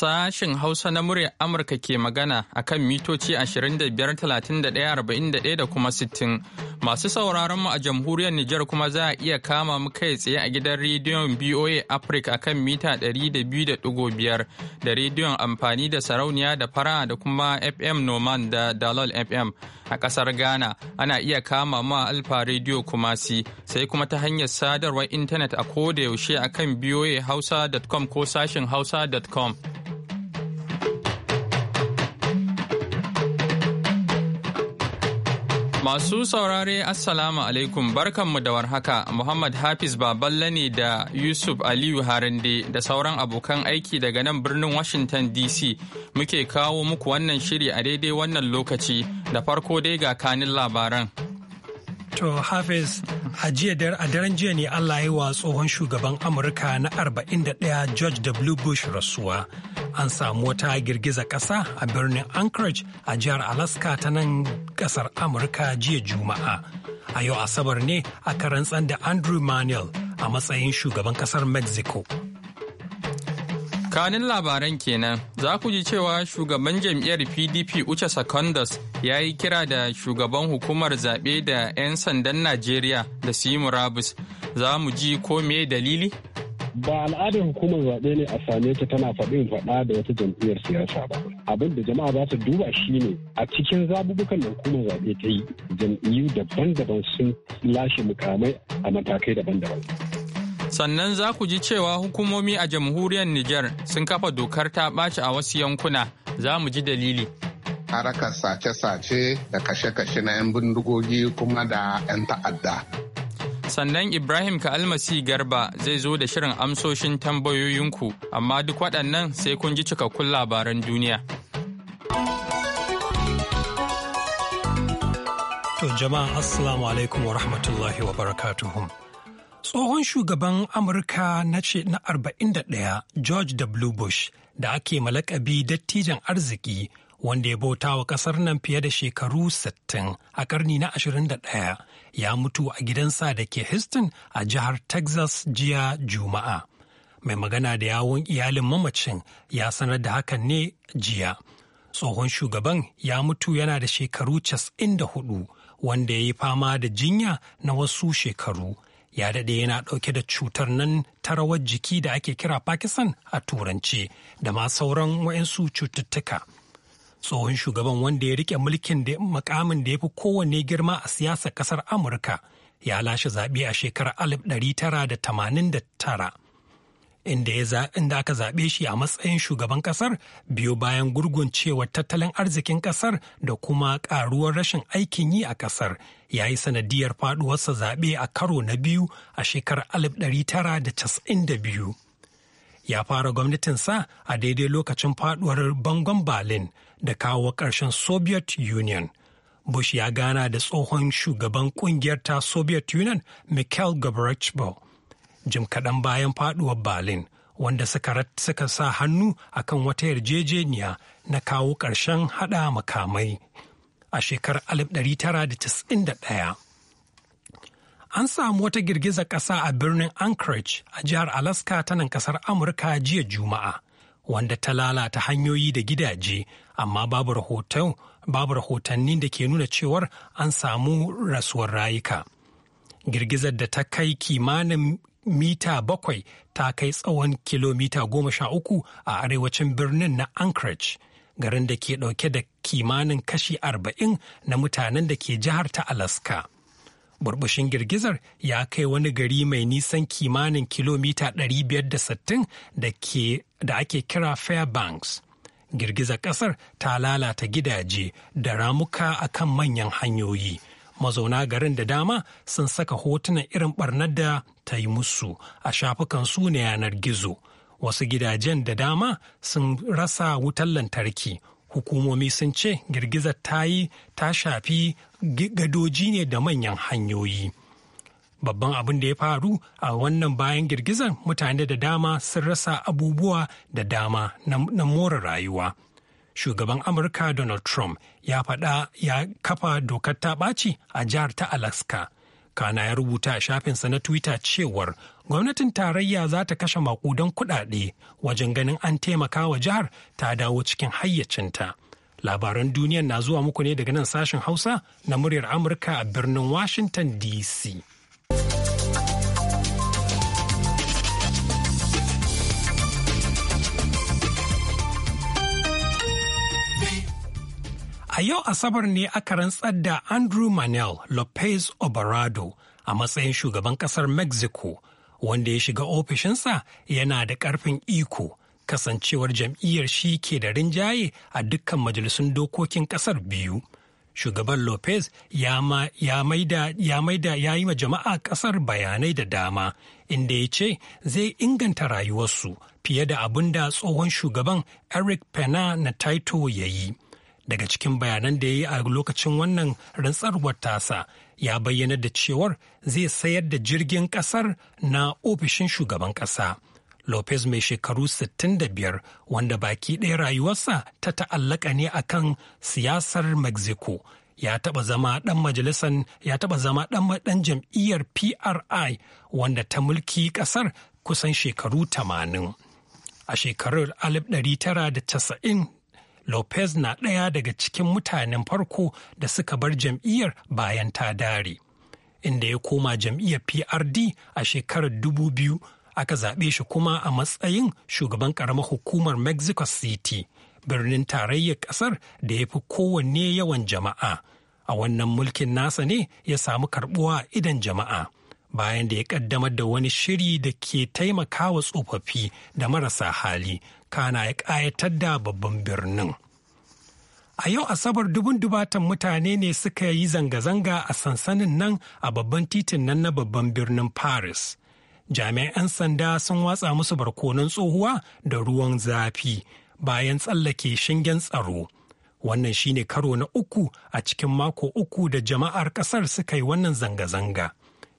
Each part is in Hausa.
sashen Hausa na muryar Amurka ke magana a kan mitoci 25,31,41 da kuma 60. Masu sauraron mu a jamhuriyar Nijar kuma za a iya kama mu kai tsaye a gidan rediyon BOA Africa a kan mita 200.5 da rediyon amfani da sarauniya da fara da kuma FM Noman da Dalol FM. a kasar Ghana ana iya kama ma Alfa Radio Kumasi sai kuma ta hanyar sadarwar intanet a da yaushe akan hausa.com ko sashin hausa.com. Masu saurare Assalamu alaikum barkan mu da warhaka Muhammad Hafiz Baballe ne da Yusuf Aliyu Harande da sauran abokan aiki daga nan birnin Washington DC muke kawo muku wannan shiri a daidai wannan lokaci da farko dai ga kanin labaran. To Hafiz, a daren jiya ne Allah ya wa tsohon shugaban Amurka na 41 George W. Bush rasuwa. an samu wata girgiza ƙasa a birnin Anchorage a jihar Alaska ta nan ƙasar Amurka jiya Juma'a. A yau Asabar ne aka rantsar da Andrew Manuel a matsayin shugaban ƙasar Mexico. Kanin labaran kenan za ku ji cewa shugaban jam'iyyar PDP Uche Secondus ya yi kira da shugaban hukumar zaɓe da 'yan sandan Najeriya da su yi murabus. Za mu ji ko me dalili? ba al'adar hukumar zaɓe ne a same ta tana faɗin faɗa da wata jam'iyyar siyasa ba abin da jama'a za ta duba ne. a cikin zabubukan da hukumar zaɓe ta yi jam'iyyu daban-daban sun lashe mukamai a matakai daban-daban sannan za ku ji cewa hukumomi a jamhuriyar niger sun kafa dokar ta ɓaci a wasu yankuna za mu ji dalili harakar sace-sace da kashe-kashe na 'yan bindigogi kuma da 'yan ta'adda Sannan Ibrahim ka Almasi Garba zai zo da shirin amsoshin tambayoyinku, amma duk waɗannan sai kun ji cikakkun labaran duniya. To jama'a Assalamu alaikum wa rahmatullahi wa barakatuhum. Tsohon shugaban Amurka na ce na 41 George W. Bush da ake malakabi dattijan arziki wanda ya bauta wa ƙasar nan fiye da shekaru sittin a ƙarni na ɗaya. ya mutu a gidansa da ke Houston a jihar Texas jiya Juma'a. Mai magana da yawon iyalin mamacin ya sanar da hakan ne jiya. Tsohon shugaban ya mutu yana da shekaru da 94 wanda ya yi fama da jinya na wasu shekaru. Ya daɗe yana ɗauke da cutar nan ta rawar jiki da ake kira Pakistan a turance da ma sauran wa'insu cututtuka. tsohon shugaban wanda ya rike mulkin da makamin da ya fi kowanne girma a siyasar kasar amurka ya lashe zaɓe a shekarar 1989 inda aka zaɓe shi a matsayin shugaban ƙasar biyu bayan gurguncewar tattalin arzikin ƙasar da kuma ƙaruwar rashin aikin yi a ƙasar ya yi sanadiyar faɗuwarsa zaɓe a karo na biyu a shekarar 1992 ya fara gwamnatinsa a daidai lokacin faɗuwar bangon berlin da kawo ƙarshen Soviet Union. Bush ya gana da tsohon shugaban ƙungiyar ta Soviet Union Mikhail Gorbachev jim kaɗan bayan faɗuwar Berlin wanda suka sa hannu akan wata yarjejeniya na kawo ƙarshen haɗa makamai a shekarar 1991. An samu wata girgizar ƙasa a birnin Anchorage a jihar Alaska ta nan ƙasar Amurka jiya Juma'a. wanda ta lalata hanyoyi da gidaje amma babu rahoton babu rahotanni da ke nuna cewar an samu rasuwar rayuka girgizar da ta kai kimanin mita bakwai ta kai tsawon kilomita goma sha uku a arewacin birnin na anchorage garin da ke dauke da kimanin kashi arba'in na mutanen da ke jihar ta alaska burbushin girgizar ya kai wani gari mai nisan kimanin kilomita 560 da ke da ake kira Fairbanks. Girgizar ƙasar ta lalata gidaje da ramuka a kan manyan hanyoyi. Mazauna garin da dama sun saka hotunan irin barnar da ta yi musu a shafukan su na yanar gizo. Wasu gidajen da dama sun rasa wutar lantarki. Hukumomi sun ce girgizar ta yi ta shafi gadoji ne da manyan hanyoyi. babban abin da ya faru a wannan bayan girgizar mutane da dama sun rasa abubuwa da dama na more rayuwa shugaban amurka donald trump ya faɗa ya kafa dokar ta ɓaci a jihar ta alaska kana ya rubuta a shafinsa na twitter cewar gwamnatin tarayya za ta kashe makudan kuɗaɗe wajen ganin an taimaka wa jihar ta dawo cikin hayyacinta labaran duniya na zuwa muku ne daga nan sashen hausa na muryar amurka a birnin washington dc A yau Asabar ne aka rantsar da Andrew Manuel Lopez Obarado a matsayin shugaban ƙasar Mexico, wanda ya shiga ofishinsa yana da ƙarfin iko, kasancewar jam'iyyar shi ke da rinjaye a dukkan majalisun dokokin ƙasar biyu. shugaban lopez ya maida ya yi wa jama'a kasar bayanai da dama inda ya ce zai inganta rayuwarsu fiye da abin da tsohon shugaban eric pena na taito ya yi daga cikin bayanan da ya yi a lokacin wannan rantsarwar tasa ya bayyana da cewar zai sayar da jirgin kasar na ofishin shugaban kasa lopez mai shekaru 65 wanda baki ɗaya rayuwarsa ta ta'allaka ne a kan siyasar mexico ya taɓa zama ɗan majalisar ya taɓa zama ɗan jam'iyyar pri wanda ta mulki ƙasar kusan shekaru 80 a shekarar 1990 lopez na ɗaya daga cikin mutanen farko da suka bar jam'iyyar bayan ta dare inda ya koma jam'iyyar prd a shekarar aka zaɓe shi kuma a matsayin shugaban ƙaramar hukumar mexico city birnin tarayyar ƙasar da ya fi kowanne yawan jama'a a wannan mulkin nasa ne ya samu karɓuwa idan jama'a bayan da ya ƙaddamar da wani shiri da ke taimakawa tsofaffi da marasa hali kana ya ƙayatar da babban birnin A yau Asabar dubun dubatan mutane ne suka yi zanga-zanga a sansanin nan a babban titin nan na babban birnin Paris. jami'an 'yan sanda sun watsa musu barkonon tsohuwa da ruwan zafi bayan tsallake shingen tsaro wannan shine karo na uku a cikin mako uku da jama'ar kasar suka yi wannan zanga-zanga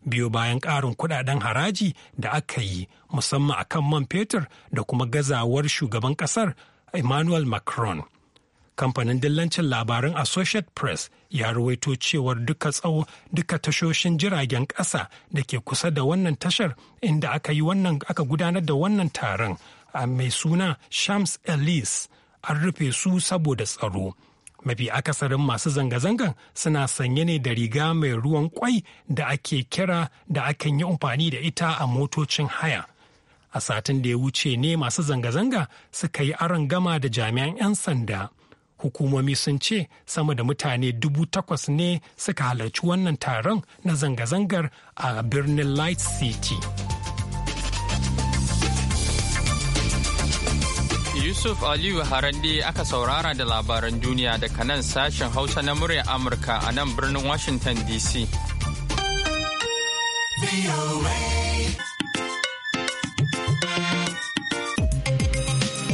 biyo bayan ƙarin kudaden haraji da aka yi musamman akan man fetur da kuma gazawar shugaban kasar emmanuel macron kamfanin dillancin labaran associate press ya ruwaito cewar duka tsawo duka tashoshin jiragen kasa da ke kusa da wannan tashar inda aka yi wannan aka gudanar da wannan taron a mai suna shams elis an rufe su saboda tsaro mafi akasarin masu zanga-zangan suna sanye ne da riga mai ruwan kwai da ake kira da akan yi amfani da ita a motocin haya a satin da ya wuce ne masu zanga-zanga suka yi aron gama da jami'an 'yan sanda hukumomi sun ce sama da mutane dubu takwas ne suka halarci wannan taron na zanga-zangar a birnin light city yusuf aliyu harande aka saurara da labaran duniya daga nan sashen hausa na murya amurka a nan birnin washington dc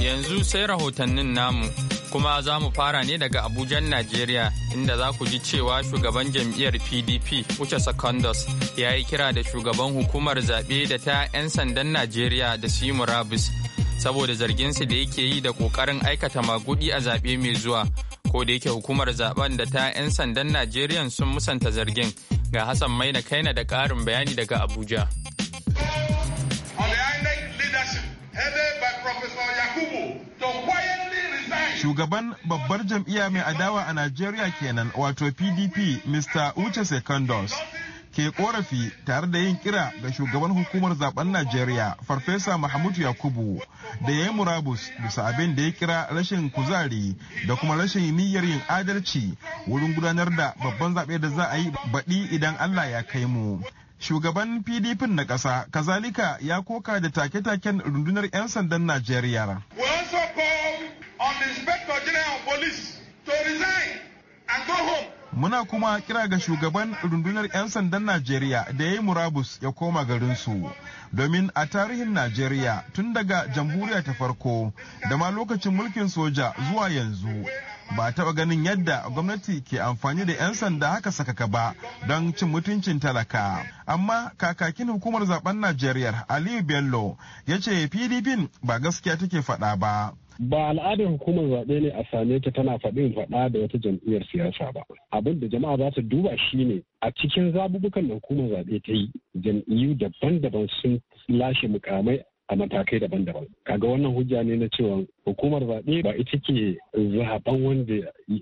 yanzu sai rahotannin namu kuma za mu fara ne daga abujan najeriya inda za ku ji cewa shugaban jam'iyyar pdp wuce secondus ya yi kira da shugaban hukumar zaɓe da ta 'yan sandan najeriya da su yi murabus saboda zarginsu da yake yi da ƙoƙarin aikata magudi a zaɓe mai zuwa ko da yake hukumar zaɓen da ta 'yan sandan najeriya sun musanta zargin ga hassan maina kaina da ƙarin bayani daga abuja Shugaban babbar jam'iyya mai adawa a Najeriya kenan wato PDP Mr. Uche Secondos ke korafi tare da yin kira ga shugaban hukumar zaben Najeriya Farfesa Mahmud Yakubu da ya yi murabus bisa abin da ya kira rashin kuzari da kuma rashin niyyar yin adalci wurin gudanar da babban zaɓe da za a yi baɗi idan Allah ya kai mu. shugaban pdp na ƙasa kazalika ya koka da take-taken rundunar 'yan sandan najeriya Muna kuma kira ga shugaban rundunar 'yan sandan Najeriya da ya yi murabus ya koma garinsu. Domin a tarihin Najeriya tun daga jamhuriya ta farko da ma lokacin mulkin soja zuwa yanzu ba taɓa ganin yadda gwamnati ke amfani da 'yan sanda haka sakaka ba don cin mutuncin talaka amma kakakin hukumar zaben najeriya aliyu bello ya ce pdp ba gaskiya take faɗa ba ba al'adar hukumar zaɓe ne a same ta tana faɗin faɗa da wata jam'iyyar siyasa ba abin da jama'a za su duba shi ne a cikin zabubukan da hukumar zaɓe ta yi jam'iyyu daban-daban sun lashe mukamai a matakai daban-daban kaga wannan hujja ne na cewa hukumar zaɓe ba ita ke zaɓen wanda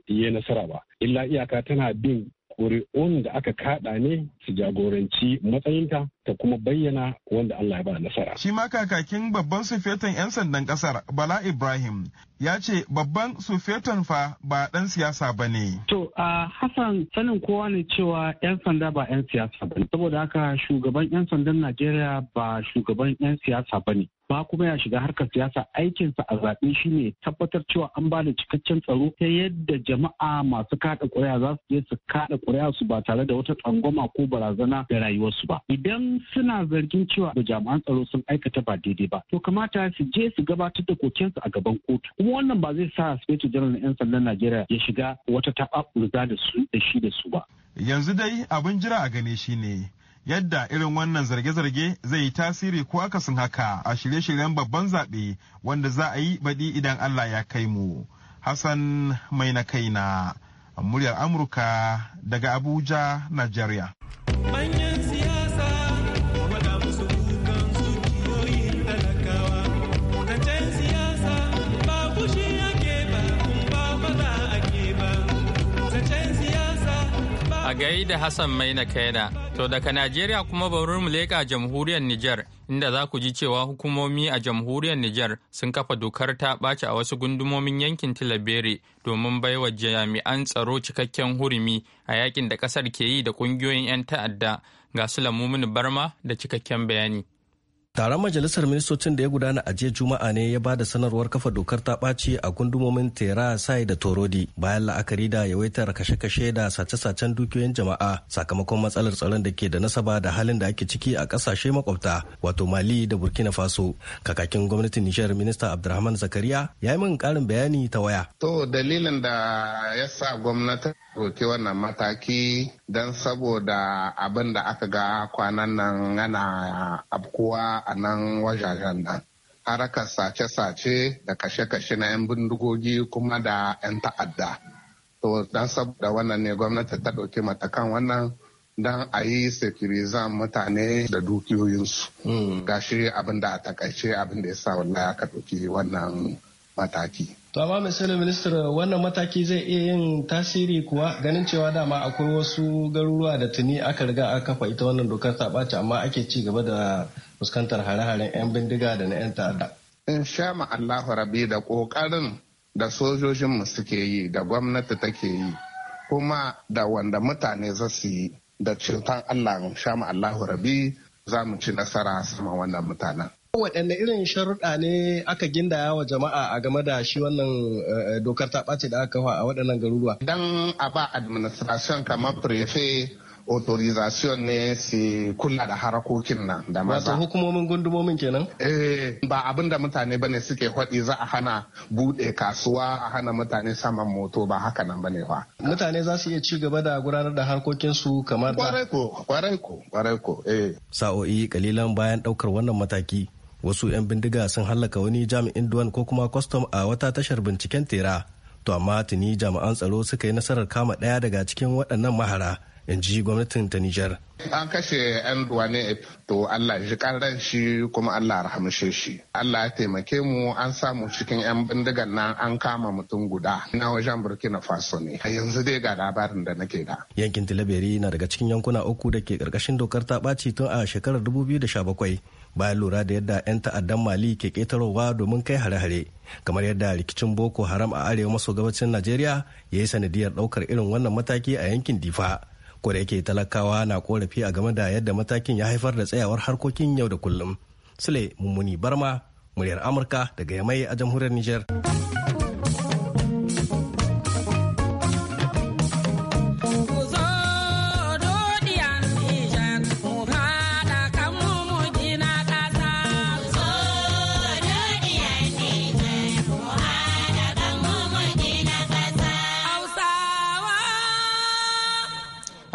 ya nasara ba illa iyaka tana bin ƙuri'un da aka kaɗa ne su jagoranci matsayinta ta kuma bayyana wanda Allah ya ba nasara. Shi ma kakakin babban sufetan 'yan sandan kasar Bala Ibrahim ya ce babban sufetan fa ba ɗan siyasa ba ne. To a Hassan sanin kowa ne cewa 'yan sanda ba 'yan siyasa ba Saboda haka shugaban 'yan sandan Najeriya ba shugaban 'yan siyasa ba ne. ba kuma ya shiga harkar siyasa aikinsa a zaɓe shi ne tabbatar cewa an ba da cikakken tsaro ta yadda jama'a masu kaɗa ƙuri'a za su je su kaɗa ƙuri'a su ba tare da wata tsangwama ko barazana da rayuwarsu ba idan suna zargin cewa da jami'an tsaro sun aikata ba daidai ba to kamata su je su gabatar da kokensu a gaban kotu kuma wannan ba zai sa sufeto janar yan sandan najeriya ya shiga wata taɓa da su da shi da su ba yanzu dai abin jira a gane shi ne yadda irin wannan zarge-zarge zai yi tasiri ko akasin haka a shirye-shiryen babban zaɓe wanda za a yi baɗi idan Allah ya kai mu. Hassan mai na kai na muryar Amurka daga Abuja, Najeriya. gaida Hassan Maina Kaina. To daga Najeriya kuma bari mu leƙa jamhuriyar Nijar inda za ku ji cewa hukumomi a jamhuriyar Nijar sun kafa dokar ta ɓaci a wasu gundumomin yankin Tilabere domin baiwa jami'an tsaro cikakken hurumi a yakin da ƙasar ke yi da ƙungiyoyin 'yan ta'adda ga su Barma da cikakken bayani. Taron majalisar ministocin da ya gudana a jiya Juma'a ne ya ba da sanarwar kafa dokar ta ɓaci a gundumomin Tera, Sai da Torodi bayan la'akari da yawaitar kashe-kashe da sace-sacen dukiyoyin jama'a sakamakon matsalar tsaron da ke da nasaba da halin da ake ciki a ƙasashe makwabta wato Mali da Burkina Faso. Kakakin gwamnatin Nijar Minista Abdulrahman Zakariya ya yi min ƙarin bayani ta waya. To dalilin da ya sa gwamnati roki wannan mataki don saboda abin da aka ga kwanan nan ana abkuwa a nan wajajen nan harakar sace-sace da kashe-kashe na 'yan bindigogi kuma da 'yan ta'adda to don saboda wannan ne gwamnati ta ɗauki matakan wannan don a yi sekirizan mutane da dukiyoyinsu hmm. shi abin da a takaice abin da ya sa wallahi aka ɗauki wannan mataki. To amma misali minister wannan mataki zai iya yin tasiri kuwa ganin cewa dama akwai wasu garuruwa da tuni aka riga aka kafa ita wannan dokar ta ɓaci amma ake ci gaba da fuskantar hare-haren 'yan bindiga da na 'yan ta'adda. In sha Allahu rabi da ƙoƙarin da sojojinmu suke yi da gwamnati take yi kuma da wanda mutane za su yi da cutar Allah in sha Allahu rabi za mu ci nasara sama wannan mutanen. waɗanne irin sharuɗa ne aka gindaya wa jama'a a game da shi wannan eh, dokar ta ɓace da aka kafa a waɗannan garuruwa? Dan a ba administration kamar prefe authorization ne su kula da harakokin nan da maza. Wato hukumomin gundumomin kenan? Eh ba abin da mutane bane suke faɗi za a hana bude kasuwa a hana mutane saman moto ba haka nan bane ba. Mutane za su iya ci gaba da gudanar da harkokin su kamar da. Kwarai ko, kwarai ko, kwarai ko, eh. Sa'o'i kalilan bayan ɗaukar wannan mataki wasu 'yan bindiga sun hallaka wani jami'in duwan ko kuma kwastam a wata tashar binciken tera to amma tuni jami'an tsaro suka yi nasarar kama ɗaya daga cikin waɗannan mahara in ji gwamnatin ta Nijar. An kashe 'yan duwane to Allah ji ƙarar shi kuma Allah rahamshe shi. Allah ya taimake mu an samu cikin 'yan bindigan nan an kama mutum guda na wajen Burkina Faso ne. a Yanzu dai ga labarin da nake da. Yankin Tilaberi na daga cikin yankuna uku da ke karkashin dokar ta ɓaci tun a shekarar 2017 bayan lura da yadda 'yan ta'addan Mali ke ƙetarowa domin kai hare-hare. Kamar yadda rikicin Boko Haram a arewa maso gabacin Najeriya ya yi sanadiyar ɗaukar irin wannan mataki a yankin Difa. ko da yake talakawa na korafi a game da yadda matakin ya haifar da tsayawar harkokin yau da kullum sule mummuni barma muryar amurka daga yamai a jamhuriyar niger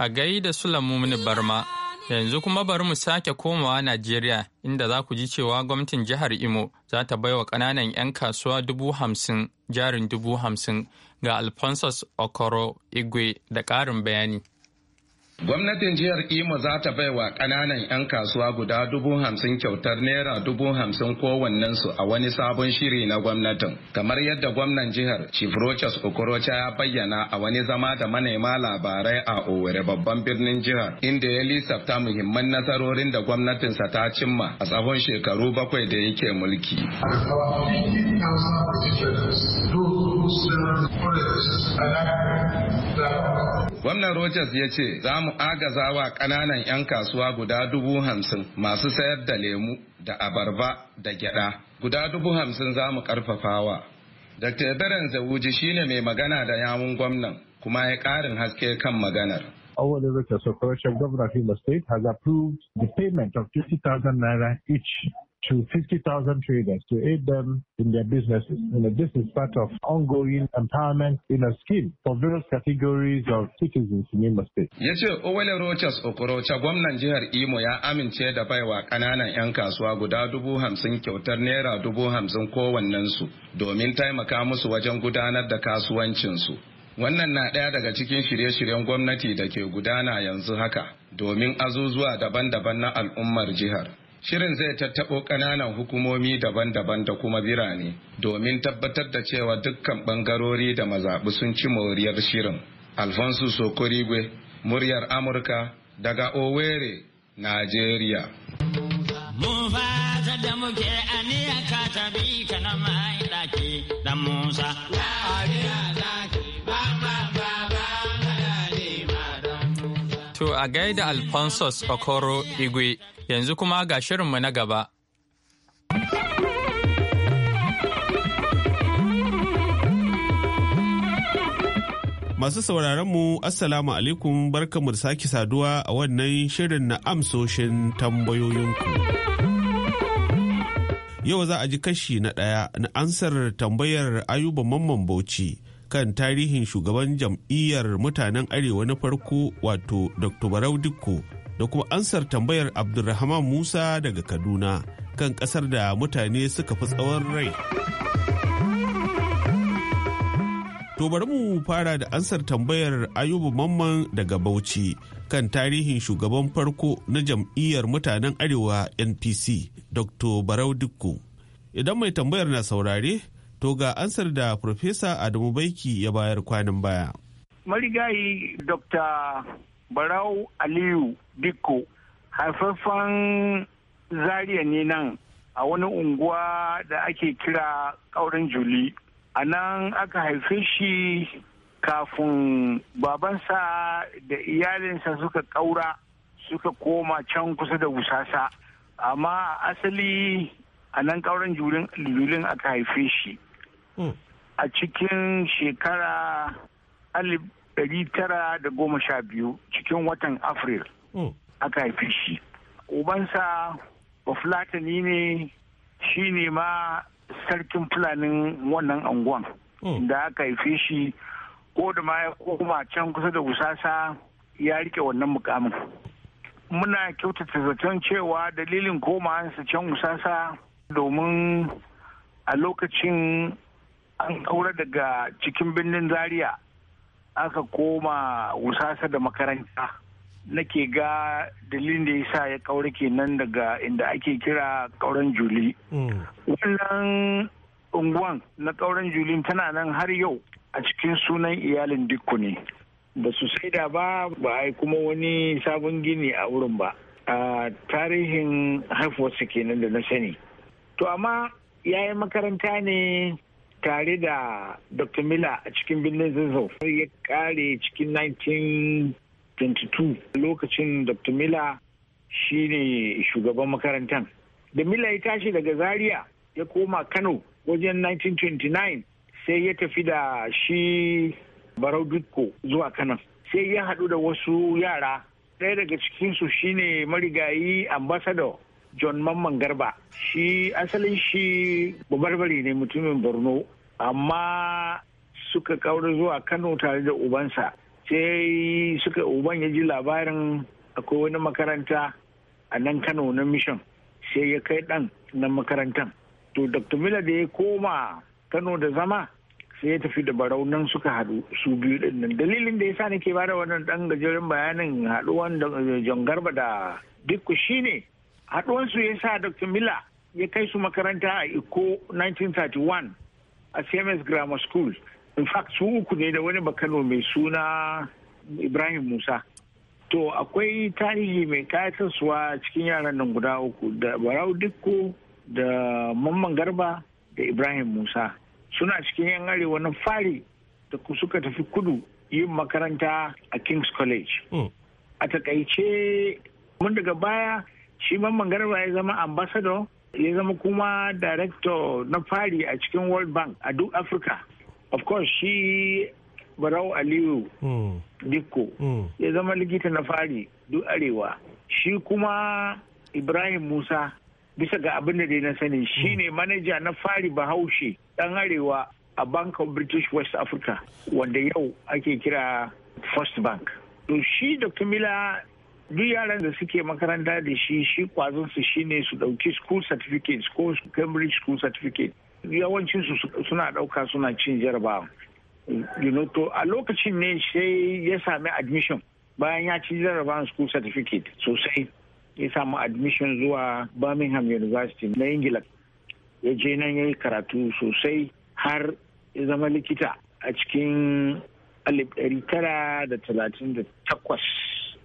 A gaida Sulamumin Barma, yanzu kuma bari mu sake komawa Najeriya inda za ku ji cewa gwamnatin jihar Imo za ta baiwa ƙananan 'yan kasuwa dubu hamsin jarin dubu hamsin ga Alphonsus Okoro Igwe da ƙarin bayani. Gwamnatin jihar Imo za ta baiwa ƙananan 'yan kasuwa guda dubu hamsin kyautar naira dubu hamsin su a wani sabon shiri na gwamnatin. Kamar yadda gwamnan jihar Rochas Okorocha ya bayyana a wani zama da manema labarai a Owerri babban birnin jihar inda ya lissafta muhimman nasarorin da gwamnatinsa ta cimma a tsawon shekaru bakwai da yake mulki. Gwamnan Rogers ya ce za mu agaza wa ƙananan 'yan kasuwa guda dubu hamsin masu sayar da lemu da abarba da gyada. Guda dubu hamsin za mu ƙarfafawa. Dr. Beren Zawuji ne mai magana da yawun gwamnan kuma ya ƙarin haske kan maganar. our directors of correction governor of the state has approved the payment of 20,000 naira each to 50,000 traders to aid them in their businesses. You know, this is part of ongoing empowerment in a scheme for various categories of citizens in Imo State. Ya ce Owele Rochas Okorocha gwamnan jihar Imo ya amince da baiwa kananan 'yan kasuwa guda dubu hamsin kyautar naira dubu hamsin kowannensu domin taimaka musu wajen gudanar da kasuwancinsu. Wannan na ɗaya daga cikin shirye-shiryen gwamnati da ke gudana yanzu haka domin azuzuwa daban-daban na al'ummar jihar. Shirin zai tattabo ƙananan hukumomi daban-daban da kuma birane domin tabbatar da cewa dukkan bangarori da mazaɓu sun ci moriyar shirin. Alfonso Sokorigwe, muryar Amurka daga Owerri, Nigeria. Mun da muke ka tabi kana mai da Musa. To a gaida Alphonsus Okoro Igwe yanzu kuma ga shirinmu na gaba. Masu sauraronmu mu Assalamu alaikum barkamu da sake saduwa a wannan shirin na amsoshin tambayoyinku. Yau za a ji kashi na ɗaya na ansar tambayar Ayuba Mamman Bauchi kan tarihin shugaban jam'iyyar mutanen arewa na farko wato dr barau dikko da kuma ansar tambayar abdulrahman musa daga kaduna kan kasar da mutane suka fi tsawon rai to bari mu fara da ansar tambayar ayubu mamman daga bauchi kan tarihin shugaban farko na jam'iyyar mutanen arewa npc dr barau dikko idan mai tambayar na saurare To ga ansar da Profesa Adamu Baiki ya bayar kwanan baya. Marigayi Dr. Barau Aliyu Dikko haifafan zariya ne nan a wani unguwa da ake kira ƙaurin Juli. A nan aka haife shi kafin babansa da iyalinsa suka ƙaura suka koma can kusa da busasa Amma asali a nan ƙauren Julin aka haife shi. Mm. a cikin shekara alif ɗari tara da goma sha biyu cikin watan afril mm. aka haifi shi ubansa bafulatani ne shi ne ma sarkin fulanin wannan anguwan mm. da aka haife shi ko da ma ya koma can kusa da wusasa ya rike wannan mukamin muna kyautata zaton cewa dalilin komawansa can wusasa domin a lokacin an kaura daga cikin birnin zaria aka koma wusasa da makaranta nake ga dalilin da ya sa ya kaura kenan daga inda ake kira kauran juli hmm. wannan unguwan na kauran juli tana nan har yau a cikin sunan iyalin dukku ne ba su saida ba ba a kuma wani sabon gini a wurin ba a tarihin haifuwarsu kenan da na sani to amma ya yi makaranta ne tare da dr miller a cikin birnin zazzau ya kare cikin 1922 lokacin dr miller shine shugaban makarantar da miller ya tashi daga zaria ya koma kano wajen 1929 sai ya tafi da shi barau dutko zuwa kano. sai ya haɗu da wasu yara ɗaya daga cikinsu shine marigayi ambassador john mamman garba shi asalin shi babarbare ne mutumin borno amma suka kauri zuwa kano tare da ubansa sai suka uban ya ji labarin akwai wani makaranta a nan kano na mission sai ya kai dan na makarantan to dr miller da ya koma kano da zama sai ya tafi da barau nan suka haɗu su biyu din dalilin da ya sa nake bada wannan dan gajeren bayanin haɗuwan eh, john garba da dukku shine su ya sa dr miller ya kai su makaranta a iko 1931 a CMS Grammar School. In fact, su uku ne da wani bakano mai suna Ibrahim Musa. To akwai tarihi mai kayatarsuwa cikin yaran nan guda uku da Barau Dikko da Mamman Garba da Ibrahim Musa. Suna cikin yan arewa na fari da suka tafi kudu yin makaranta a King's College. Hmm. A takaice mun daga baya shi Mamman Garba ya zama ambassador ya zama kuma director na fari a cikin world bank a duk afirka of course shi barau aliyu hmm. dikko hmm. ya zama likita na fari duk arewa shi kuma ibrahim musa bisa ga abin da dai na sani hmm. shi ne manaja na fari bahaushe dan arewa a bank of british west africa wanda yau ake kira first bank to shi dr mila duk yaran da suke makaranta da shi shi kwazon su shine su dauki school certificate ko cambridge school certificate yawancin su suna dauka suna cin jarabawa you know to a lokacin ne sai ya sami admission bayan ya ci jarabawan school certificate sosai ya samu admission zuwa birmingham university na ingila ya je nan ya yi karatu sosai har ya zama likita a cikin 1938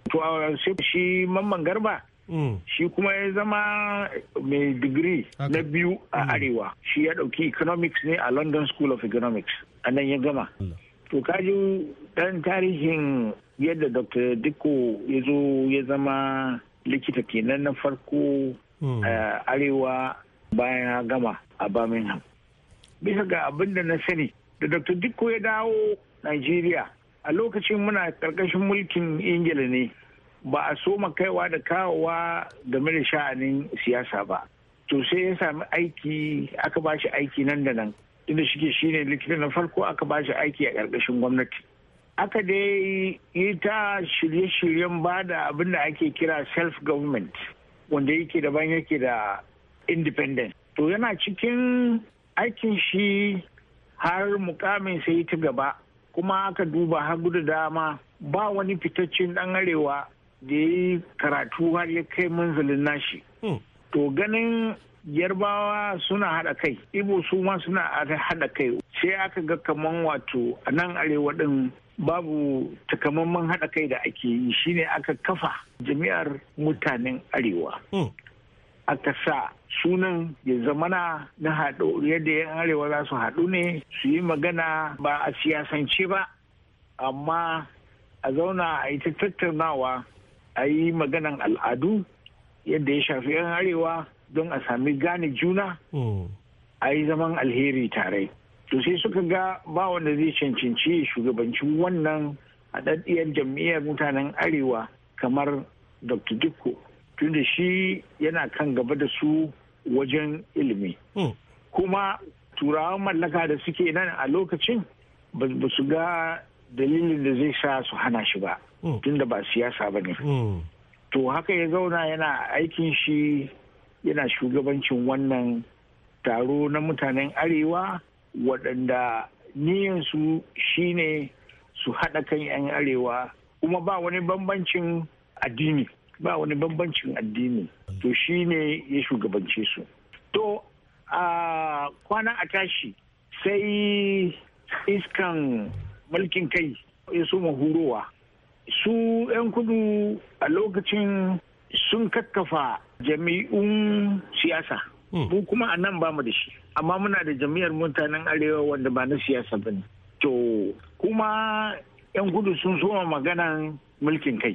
to shi mamman garba mm. shi kuma ya zama mai digiri na biyu a mm. arewa shi ya dauki economics ne a london school of economics a nan ya gama to kaji dan tarihin yadda dr dikko ya zo ya zama likita kenan na farko mm. a arewa bayan ya gama a birmingham bisa ga abinda na sani da dr dikko ya dawo nigeria a lokacin muna karkashin mulkin ingila ne ba a soma kaiwa da kawowa game da sha'anin siyasa ba to sai ya sami aiki aka ba shi aiki nan da nan inda shike shine likita na farko aka ba shi aiki a karkashin gwamnati aka dai yi ta shirye-shiryen ba da abin da ake kira self-government wanda yake daban yake da independent to yana cikin aikin shi har mukamin sai ta gaba kuma aka duba har da dama ba wani fitaccen dan arewa da ya yi karatu har ya kai manzalin nashi hmm. to ganin yarbawa suna haɗa kai ibo su ma suna haɗa kai sai aka ga kaman wato a nan arewa ɗin babu takamaiman haɗa kai da ake yi shine aka kafa jami'ar mutanen arewa hmm. aka sa sunan ya zama na haɗu yadda yan arewa za su haɗu ne su yi magana ba a siyasance ba amma a zauna a yi ta tattaunawa a yi maganan al'adu yadda ya shafi yan arewa don a sami gane juna hmm. a yi zaman alheri tare to sai suka ga ba wanda zai cancanci shugabancin wannan haɗaɗɗiyar jam'iyyar mutanen arewa kamar dr dukko. tunda shi yana kan gaba da su wajen ilimi hmm. kuma turawan mallaka da suke nan a lokacin ba su ga dalilin da zai sa su hana shi ba hmm. tunda ba siyasa ba ne hmm. to haka ya zauna yana aikin shi yana shugabancin wannan taro na mutanen arewa waɗanda niyansu ne su haɗa kan 'yan arewa kuma ba wani bambancin addini ba wani bambancin addini to shi ne ya shugabance su to a kwana a tashi sai iskan mulkin kai ya so hurowa su 'yan kudu a lokacin sun kakkafa jami'un siyasa hmm. mu kuma a nan bamu da shi amma muna da jami'ar mutanen arewa wanda ba na siyasa ba to kuma 'yan kudu sun soma maganan mulkin kai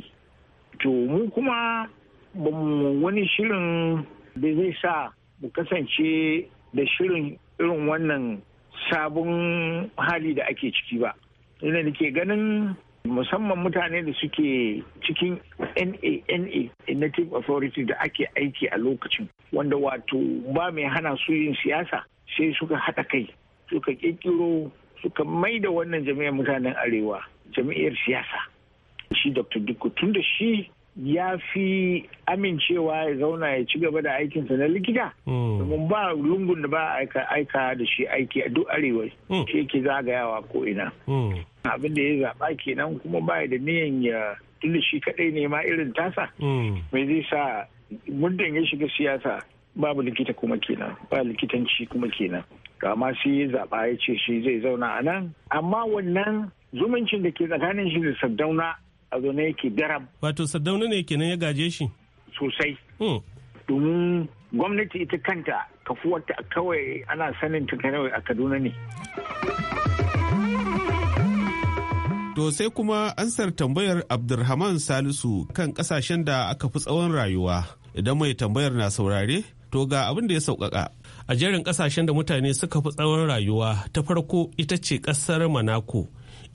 to mu kuma ba mu wani shirin da zai sa mu kasance da shirin irin wannan sabon hali da ake ciki ba ina ke ganin musamman mutane da suke cikin nana native authority da ake aiki a lokacin wanda wato ba mai hana su yin siyasa sai suka haɗa kai suka ƙirƙiro suka maida wannan jami'ar mutanen arewa jami'ar siyasa shi dr dukku tun da shi ya fi amincewa ya zauna ya ci gaba da aikinsa na likita hmm. domin ba lungun da ba a aika da shi aiki a duk arewa hmm. shi yake zagayawa ko ina hmm. abin da ya zaɓa kenan kuma ba da niyan ya tun da shi kaɗai ne ma irin tasa mai zai sa muddin ya shiga siyasa babu likita kuma kenan ba likitanci kuma kenan kama sai ya zaɓa ya ce shi zai zauna a nan amma wannan zumuncin da ke tsakanin shi da sardauna a zaune yake daram. Wato Sardauna ne kenan ya gaje shi? Sosai. Hmm. Domin gwamnati ita kanta kafuwarta kawai ana sanin ta kawai a Kaduna ne. To sai kuma ansar tambayar Abdulrahman Salisu kan kasashen da aka fi tsawon rayuwa. Idan mai tambayar na saurare, to ga abin da ya sauƙaƙa. A jerin ƙasashen da mutane suka fi tsawon rayuwa ta farko ita ce ƙasar Manako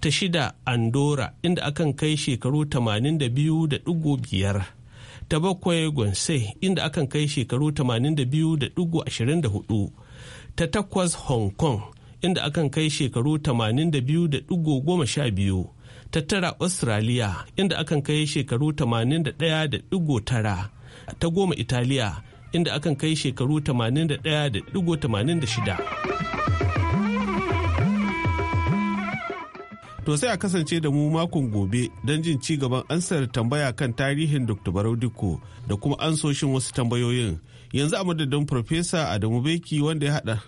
ta shida andorra inda akan kai shekaru 82.5 ta bakwai gwansai inda akan kai shekaru 82.24 ta takwas hong kong inda akan kai shekaru 82.12 ta tara australia inda akan kai shekaru 81.9 ta goma italiya inda akan kai shekaru 81.86 To sai a kasance da mu makon gobe don jin ci gaban ansar tambaya kan tarihin Dr. Barau da kuma ansoshin wasu tambayoyin. Yanzu a madadin Farfesa Adamu Beki wanda ya hada.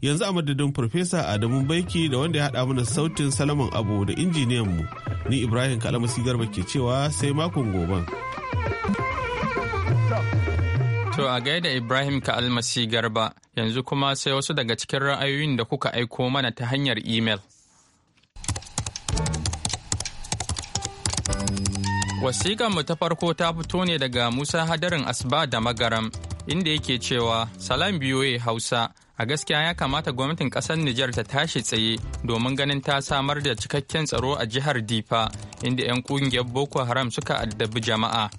Yanzu a madadin Farfesa Adamu Baiki da wanda ya hada mana sautin Salaman Abu da injiniyan mu. Ni Ibrahim kalama Garba ke cewa sai makon goben. To a gaida Ibrahim ka almasi Garba yanzu kuma sai wasu daga cikin ra'ayoyin da kuka aiko mana ta hanyar imel. mu ta farko ta fito ne daga Musa Hadarin Asba da Magaram, inda yake cewa Salam biyoye Hausa, a gaskiya ya kamata gwamnatin ƙasar Nijar ta tashi tsaye domin ganin ta samar da cikakken tsaro a jihar Difa, inda 'yan ƙungiyar Boko Haram suka addabi jama'a.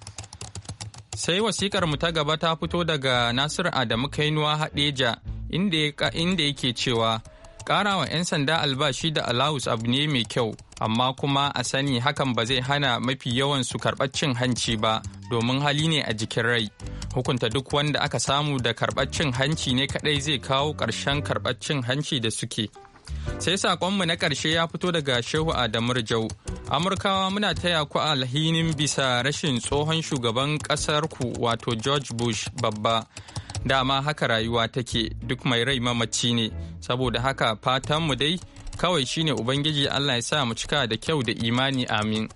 Sai wasikar mu ta gaba ta fito daga Nasiru Adamu Kainuwa haɗeja inda yake cewa Ƙarawa 'yan sanda albashi da alawus abu ne mai kyau, amma kuma a sani hakan ba zai hana mafi yawan su karɓar cin hanci ba, domin hali ne a jikin rai. Hukunta duk wanda aka samu da karɓar cin hanci ne kaɗai zai kawo ƙarshen karɓar cin hanci da suke. sai saƙonmu na ƙarshe ya fito daga shehu adamu jau amurkawa muna taya ku alhinin bisa rashin tsohon shugaban ƙasar ku wato george bush babba dama haka rayuwa take duk mai rai mamaci ne saboda haka fatanmu dai kawai shine ubangiji allah ya sa mu cika da kyau da imani amin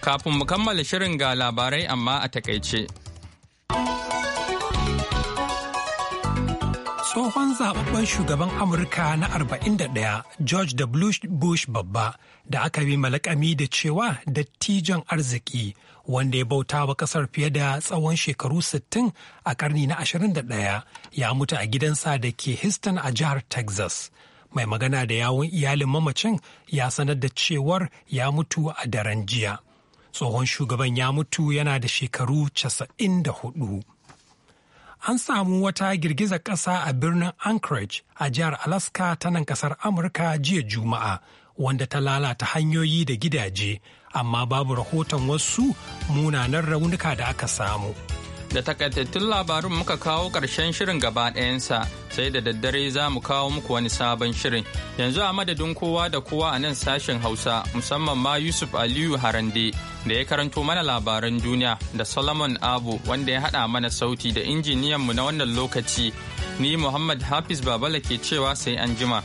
kafin mu kammala shirin ga labarai amma a takaice tsohon zababben shugaban amurka na 41 george w bush babba da aka yi malakami da cewa dattijan arziki wanda ya bauta wa kasar fiye da tsawon shekaru 60 a karni na 21 ya mutu a gidansa da ke houston a jihar texas mai magana da yawun iyalin mamacin ya sanar da cewar ya mutu a daren jiya tsohon shugaban ya mutu yana da shekaru 94 an samu wata girgizar ƙasa a birnin Anchorage a jihar Alaska ta nan ƙasar Amurka jiya Juma'a wanda ta lalata hanyoyi da gidaje, amma babu rahoton wasu munanan raunuka da aka samu. Da takaitattun labarin muka kawo ƙarshen shirin gaba ɗayansa sai da daddare za mu kawo muku wani sabon shirin. Yanzu a madadin kowa da kowa a nan sashen Hausa musamman ma Yusuf Aliyu Harande da ya karanto mana labaran duniya da Solomon Abu wanda ya haɗa mana sauti da injiniyanmu na wannan lokaci. Ni Muhammad Hafiz Babala ke cewa sai an jima.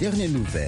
Dernière nouvelle.